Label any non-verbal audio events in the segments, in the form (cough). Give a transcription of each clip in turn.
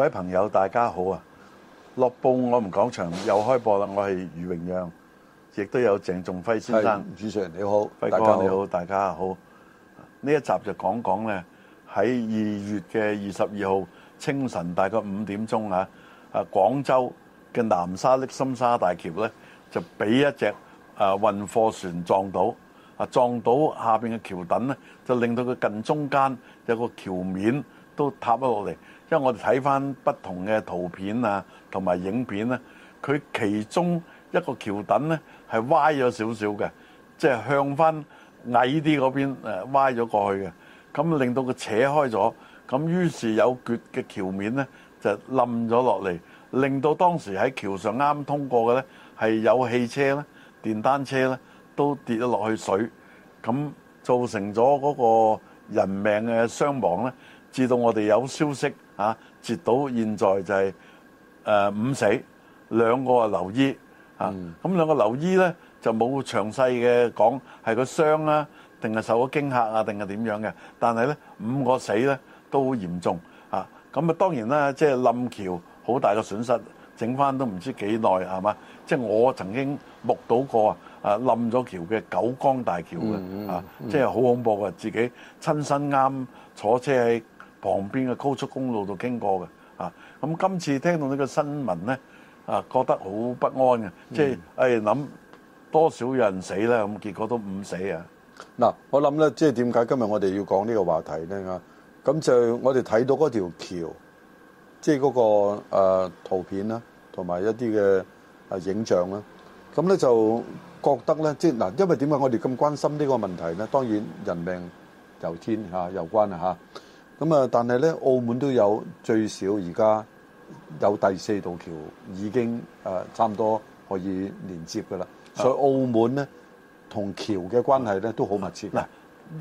各位朋友，大家好啊！樂報我們講場，又開播啦。我係余榮讓，亦都有鄭仲輝先生。主持人你好，輝哥。大家好，你好，大家好。呢一集就講講呢，喺二月嘅二十二號清晨，大概五點鐘啊，啊廣州嘅南沙瀝心沙大橋呢，就俾一隻啊運貨船撞到啊，撞到下面嘅橋墩呢，就令到佢近中間有個橋面。都塌咗落嚟，因為我哋睇翻不同嘅圖片啊，同埋影片呢，佢其中一個橋墩呢係歪咗少少嘅，即係向翻矮啲嗰邊歪咗過去嘅，咁令到佢扯開咗，咁於是有缺嘅橋面呢就冧咗落嚟，令到當時喺橋上啱通過嘅呢係有汽車咧、電單車呢都跌咗落去水，咁造成咗嗰個人命嘅傷亡呢。至到我哋有消息嚇，截到現在就係誒五死兩個啊留醫嚇，咁兩個留醫咧就冇詳細嘅講係個傷啦，定係受咗驚嚇啊，定係點樣嘅？但係咧五個死咧都好嚴重嚇，咁啊當然啦，即係冧橋好大嘅損失，整翻都唔知幾耐係嘛？即係我曾經目睹過啊冧咗橋嘅九江大橋嘅嚇，即係好恐怖嘅，自己親身啱坐車喺旁邊嘅高速公路度經過嘅，啊，咁今次聽到呢個新聞咧，啊，覺得好不安嘅，即係誒諗多少人死啦，咁結果都唔死啊。嗱，我諗咧，即係點解今日我哋要講呢個話題咧？啊，咁就我哋睇到嗰條橋，即係嗰個誒圖片啦，同埋一啲嘅啊影像啦，咁咧就覺得咧，即係嗱，因為點解我哋咁關心呢個問題咧？當然人命由天嚇，攸關啊嚇。咁啊！但係咧，澳門都有最少而家有第四道橋，已經、呃、差唔多可以連接噶啦。嗯、所以澳門咧同橋嘅關係咧、嗯、都好密切。嗱、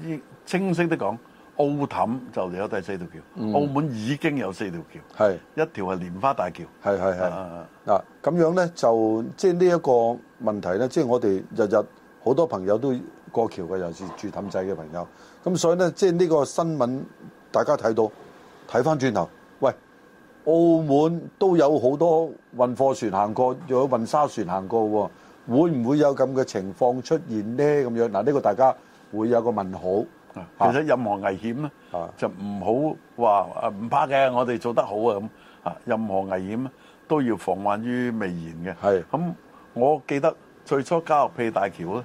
嗯，清晰啲講，澳氹就嚟咗第四道橋，嗯、澳門已經有四道橋，係是一條係蓮花大橋，係係係。嗱，咁、嗯、樣咧就即係呢一個問題咧，即、就、係、是、我哋日日好多朋友都過橋嘅，尤其是住氹仔嘅朋友。咁、嗯、所以咧，即係呢個新聞。大家睇到睇翻轉頭，喂，澳門都有好多運貨船行過，又有運沙船行過喎，會唔會有咁嘅情況出現呢？咁樣嗱，呢個大家會有個問號。其實任何危險咧，啊、就唔好話唔怕嘅，我哋做得好啊咁啊。任何危險都要防患於未然嘅。係咁是，我記得最初加樂庇大橋咧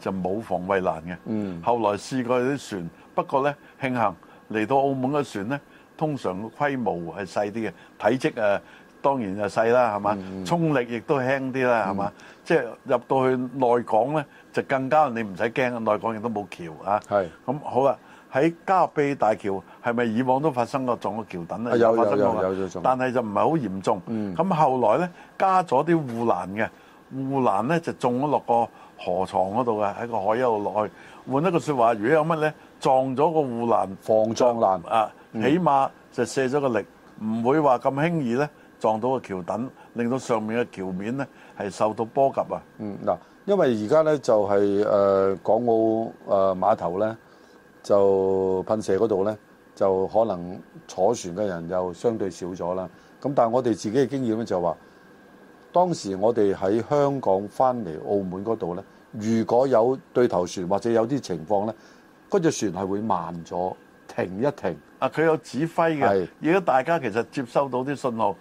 就冇防衛欄嘅。嗯，後來試過啲船，不過咧慶幸。嚟到澳門嘅船咧，通常個規模係細啲嘅，體積啊、呃、當然就細啦，係嘛？嗯、衝力亦都輕啲啦，係嘛？嗯、即係入到去內港咧，就更加你唔使驚，內港亦都冇橋是啊。係。咁好啦，喺嘉樂庇大橋係咪以往都發生過撞過橋墩咧？有發生有，有，有，有，有，但係就唔係好嚴重。咁、嗯、後來咧，加咗啲護欄嘅，護欄咧就種咗落個河床嗰度嘅，喺個海一路落去。換一個説話，如果有乜咧？撞咗個護欄，防撞欄啊！起碼就卸咗個力，唔、嗯、會話咁輕易呢撞到個橋墩，令到上面嘅橋面呢係受到波及啊！嗯嗱，因為而家呢，就係、是、誒、呃、港澳誒、呃、碼頭呢，就噴射嗰度呢，就可能坐船嘅人又相對少咗啦。咁但係我哋自己嘅經驗咧就話，當時我哋喺香港翻嚟澳門嗰度呢，如果有對頭船或者有啲情況呢。嗰隻船係會慢咗，停一停。啊，佢有指揮嘅，是如果大家其實接收到啲信號。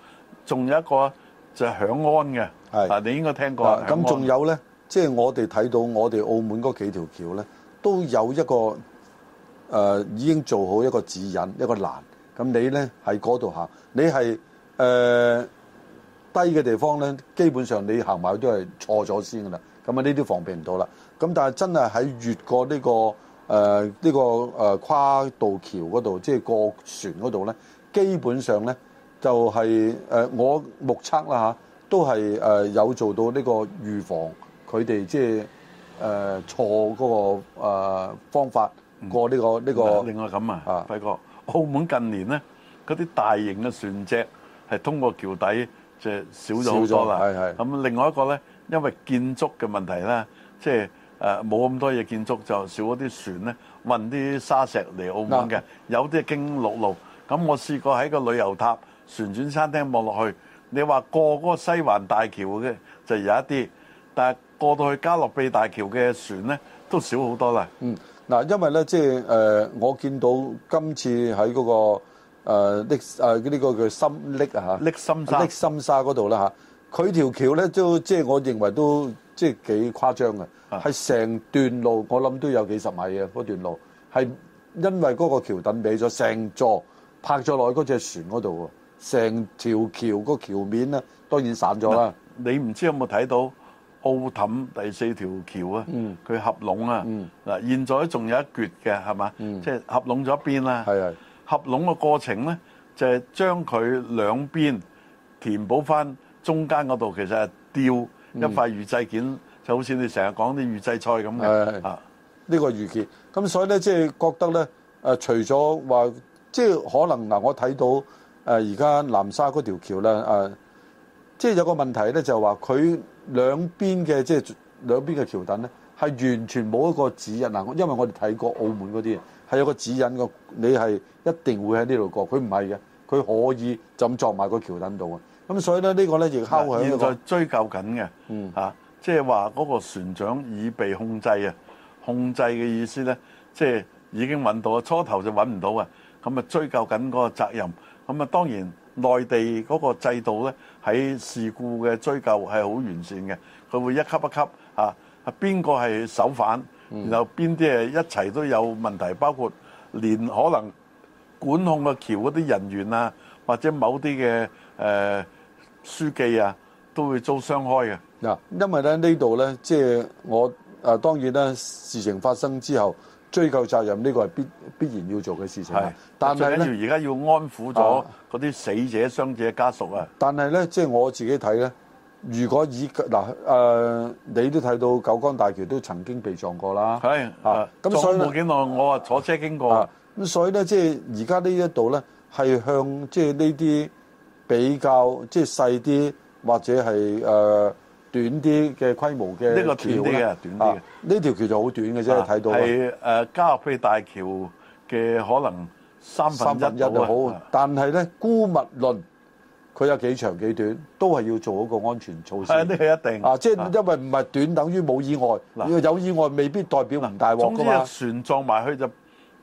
仲有一個就係響安嘅，啊是，你應該聽過。咁仲是安有咧，即、就、係、是、我哋睇到我哋澳門嗰幾條橋咧，都有一個誒、呃、已經做好一個指引，一個欄。咁你咧喺嗰度行，你係誒、呃、低嘅地方咧，基本上你行埋去都係錯咗先㗎喇。咁啊，呢啲防備唔到啦。咁但係真係喺越過呢、這個。誒呢、呃這個誒、呃、跨渡橋嗰度，即係過船嗰度咧，基本上咧就係、是、誒、呃、我目測啦嚇、啊，都係誒、呃、有做到呢個預防佢哋即係誒錯嗰個、呃、方法過呢個呢個。嗯這個、另外咁啊，輝哥、啊，澳門近年咧嗰啲大型嘅船隻係通過橋底就少咗好多啦。係係。咁另外一個咧，因為建築嘅問題咧，即係。誒冇咁多嘢建築，就少咗啲船咧，運啲沙石嚟澳門嘅。啊、有啲經陸路，咁我試過喺個旅遊塔旋轉餐廳望落去，你話過嗰個西環大橋嘅就有一啲，但係過到去嘉樂庇大橋嘅船咧都少好多啦。嗯，嗱，因為咧即係誒，我見到今次喺嗰、嗰個誒瀝呢個叫心瀝啊，瀝心沙瀝心沙嗰度啦，佢條橋咧都即係我認為都。即係幾誇張嘅，係成、啊、段路，我諗都有幾十米嘅。嗰段路係因為嗰個橋墩俾咗成座拍咗落去嗰隻船嗰度喎，成條橋、個橋面咧當然散咗啦、啊。你唔知有冇睇到澳氹第四條橋啊？嗯，佢合龍啊！嗯，嗱，現在仲有一撅嘅係嘛？係嗯，即係合龍咗一邊啦。係啊係，合龍嘅過程咧就係、係、將佢兩邊填補翻中間嗰度，其實係吊。一塊預製件，就好似你成日講啲預製菜咁嘅啊！呢個預結咁，所以咧即係覺得咧誒，除咗話即係可能嗱、啊，我睇到誒而家南沙嗰條橋咧誒，即係有個問題咧，就係話佢兩邊嘅即係兩邊嘅橋墩咧，係完全冇一個指引嗱、啊，因為我哋睇過澳門嗰啲，係有個指引嘅，你係一定會喺呢度過，佢唔係嘅，佢可以就咁撞埋個橋墩度啊！咁所以咧，呢、呢個咧就係喺個、嗯。追究緊嘅，嚇、啊，即係話嗰個船長已被控制啊！控制嘅意思咧，即、就、係、係、已經揾到啊，初頭就揾唔到啊。咁啊，追究緊嗰個責任。咁啊，當然內地嗰個制度咧，喺事故嘅追究係好完善嘅。佢會一級一級啊，邊個係首犯，然後邊啲啊，一齊都有問題，包括連可能管控嘅橋嗰啲人員啊，或者某啲嘅誒。呃書記啊，都會遭傷開嘅嗱，yeah，因為咧呢度咧，即係我誒、啊，當然呢，事情發生之後追究責任呢個係必必然要做嘅事情。係是，但係咧，而家要，要安撫咗嗰啲死者傷、啊、者家屬啊。但係咧，即係我自己睇咧，如果以嗱誒、啊呃，你都睇到九江大橋都曾經被撞過啦。係是啊，撞冇幾耐，我啊坐車經過。咁、啊、所以咧，即係而家呢一度咧，係向即係呢啲。比較即係細啲，或者係誒、呃、短啲嘅規模嘅呢個短短、啊、條橋咧，啊呢條橋就好短嘅啫，睇到係誒、呃、嘉樂庇大橋嘅可能三分一都好，的但係咧姑勿論佢有幾長幾短，都係要做一個安全措施。係呢個一定啊，即係因為唔係短等於冇意外，啊、有意外未必代表能大獲㗎嘛。啊、船撞埋去就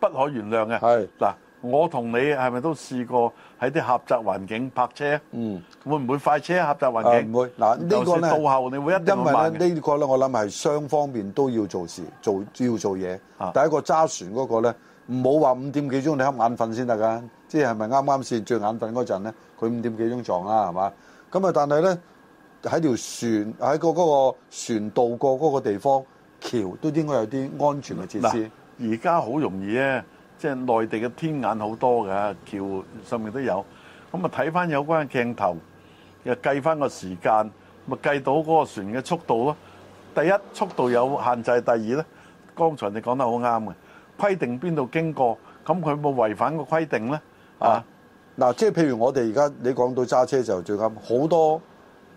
不可原諒嘅。係嗱的。啊我同你係咪都試過喺啲狹窄環境泊車？嗯，會唔會快車狹窄環境？唔、啊、會。嗱、啊呢個、呢個咧，到後你會一定會慢。因為呢、呢個咧，我諗係雙方面都要做事，做要做嘢。啊、第一個揸船嗰個咧，唔好話五點幾鐘你瞌眼瞓先得㗎，即係咪啱啱先最眼瞓嗰陣咧，佢五點幾鐘撞啦，係嘛？咁啊，但係咧喺條船喺、嗰個嗰、嗰個船渡過嗰個地方橋，都應該有啲安全嘅設施。而家好容易啊！即係內地嘅天眼好多㗎，橋上面都有，咁啊睇翻有關鏡頭，又計翻個時間，咪計到嗰個船嘅速度咯。第一速度有限制，第二咧，剛才你講得好啱嘅，規定邊度經過，咁佢冇違反個規定咧啊？嗱，即係譬如我哋而家你講到揸車就最啱，好多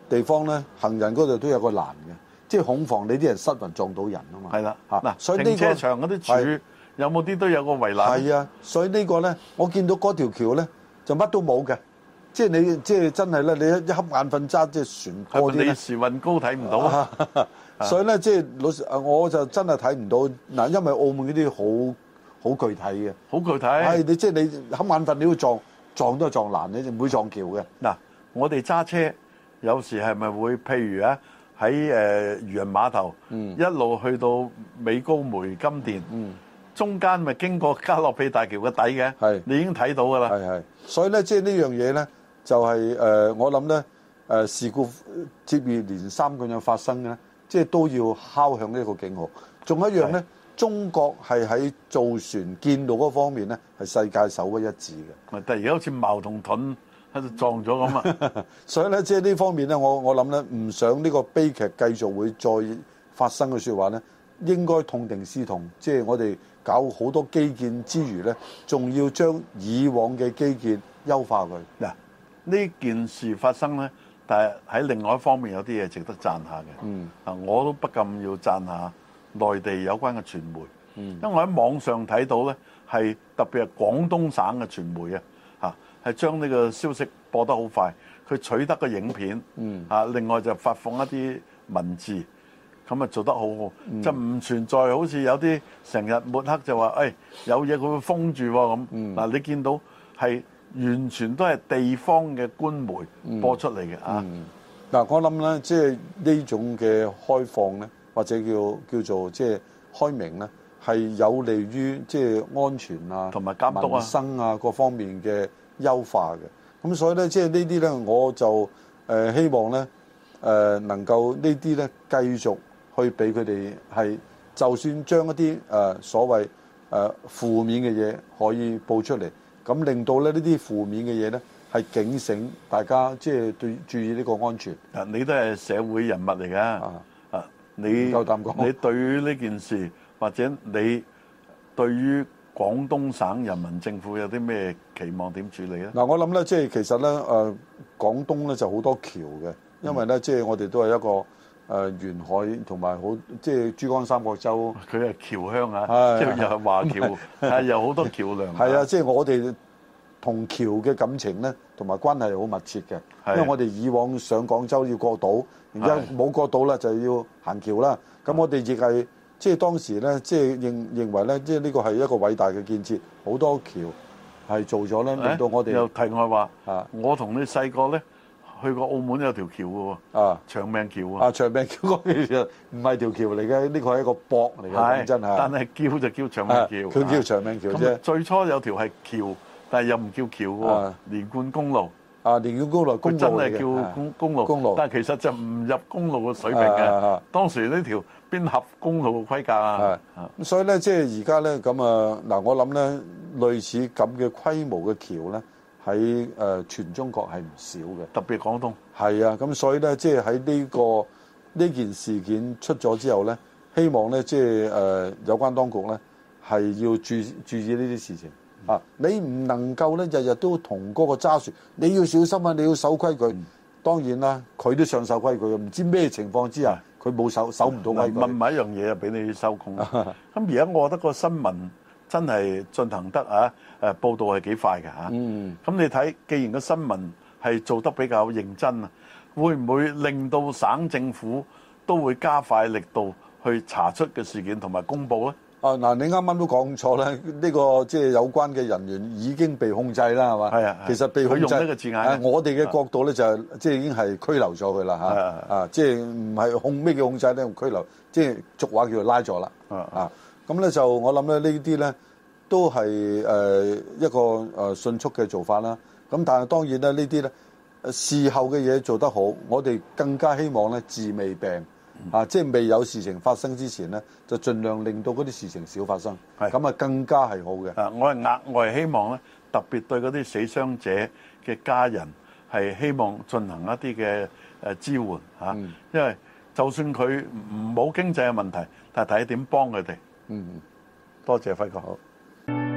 地方咧，行人嗰度都有一個欄嘅，即係恐防你啲人失魂撞到人啊嘛。係啦，嚇、啊。嗱，所以啲、呢個、車場嗰啲柱。有冇啲都有個圍欄？係啊，所以呢個咧，我見到嗰條橋咧，就乜都冇嘅，即係你，即係真係咧，你一一瞌眼瞓揸即係船過。係你時運高睇唔到啊！所以咧，即係老實，我就真係睇唔到嗱，因為澳門嗰啲好好具體嘅，好具體。係你即係你瞌眼瞓，你要撞撞都係撞欄，你就你唔會撞橋嘅。嗱，我哋揸車有時係咪會譬如咧喺誒漁人碼頭一路去到美高梅金殿？中間咪經過加勒比大橋嘅底嘅，係是你已經睇到㗎啦。係係，所以咧，即係呢樣嘢咧，就係、是、誒、呃，我諗咧，誒、呃、事故接二連三咁樣發生嘅咧，即係都要敲響呢個警號。仲有一樣咧，是中國係喺造船建造嗰方面咧，係世界首屈一指嘅。咪突然間好似矛同盾喺度撞咗咁啊！ (laughs) 所以咧，即係呢方面咧，我我諗咧，唔想呢不想這個悲劇繼續會再發生嘅説話咧，應該痛定思痛，即係我哋。搞好多基建之餘呢，仲要將以往嘅基建優化佢。嗱，呢件事發生呢，但係喺另外一方面有啲嘢值得讚下嘅。嗯，啊，我都不禁要讚下內地有關嘅傳媒，嗯、因為我喺網上睇到呢，係特別係廣東省嘅傳媒啊，嚇係將呢個消息播得好快，佢取得個影片，嗯，啊，另外就發放一啲文字。咁咪做得好好，嗯、就唔存在好似有啲成日抹黑就話，誒、哎、有嘢佢會封住喎咁。嗱、嗯、你見到係完全都係地方嘅官媒播出嚟嘅啊。嗱我諗咧，即係呢種嘅開放咧，或者叫叫做即係開明咧，係有利於即係安全啊、監督啊民生啊各方面嘅優化嘅。咁所以咧，即、就、係、是、呢啲咧，我就誒、呃、希望咧誒、呃、能夠呢啲咧繼續。去俾佢哋係，就算將一啲誒、呃、所謂誒負面嘅嘢可以報出嚟，咁令到咧呢啲負面嘅嘢咧係警醒大家，即係對注意呢個安全。嗱，你都係社會人物嚟㗎，啊，你你對於呢件事或者你對於廣東省人民政府有啲咩期望點處理咧？嗱、呃，我諗咧，即係其實咧，誒、呃、廣東咧就好多橋嘅，因為咧，嗯、即係我哋都係一個。誒、呃、沿海同埋好，即係珠江三角洲，佢係僑鄉啊，即係又係華僑，又好多橋梁。係啊，即係我哋同橋嘅感情咧，同埋關係好密切嘅，因為我哋以往上廣州要過島，而家冇過島啦，就要行橋啦。咁、啊、我哋亦係即係當時咧，即係認認為咧，即係呢個係一個偉大嘅建設，好多橋係做咗咧，令、啊、到我哋又題外話，啊、我同你細個咧。去過澳門有條橋嘅喎，啊長命橋啊，長命橋嗰條唔係條橋嚟嘅，呢個係一個博嚟嘅，真係。但係叫就叫長命橋，佢叫長命橋啫。最初有條係橋，但係又唔叫橋嘅喎，連貫公路。啊，連貫公路，佢真係叫公公路，但係其實就唔入公路嘅水平嘅。當時呢條邊合公路嘅規格啊。所以咧，即係而家咧，咁啊，嗱，我諗咧，類似咁嘅規模嘅橋咧。喺誒全中國係唔少嘅，特別廣東。係啊，咁所以呢，即係喺呢個呢件事件出咗之後呢，希望呢，即係誒、呃、有關當局呢，係要注意注意呢啲事情、嗯、啊！你唔能夠呢，日日都同嗰個揸船，你要小心啊！你要守規矩。嗯、當然啦，佢都想守規矩，唔知咩情況之下佢冇、嗯、守守唔到規矩，問埋一樣嘢啊，俾你收工。咁而家我覺得個新聞。真係進行得啊！誒報道係幾快嘅，嚇，嗯，咁你睇，既然個新聞係做得比較認真啊，會唔會令到省政府都會加快力度去查出嘅事件同埋公佈咧？啊，嗱，你啱啱都講錯啦！呢、這個即係、就是、有關嘅人員已經被控制啦，係嘛？係啊係，其實被控制，佢用呢個字眼、啊。我哋嘅角度咧就即、就是、已經係拘留咗佢啦啊！即係唔係控咩叫控制咧？就是、拘留，即、就、係、是、俗話叫拉咗啦啊係！咁咧就我諗咧，呢啲咧都係誒一個誒迅速嘅做法啦。咁但係當然咧，呢啲咧事後嘅嘢做得好，我哋更加希望咧治未病啊，即係未有事情發生之前咧，就盡量令到嗰啲事情少發生。係咁啊，更加係好嘅。啊，我係額外希望咧特別對嗰啲死傷者嘅家人係希望進行一啲嘅誒支援嚇，因為就算佢唔冇經濟嘅問題，但係睇點幫佢哋。嗯，嗯，多謝輝哥好。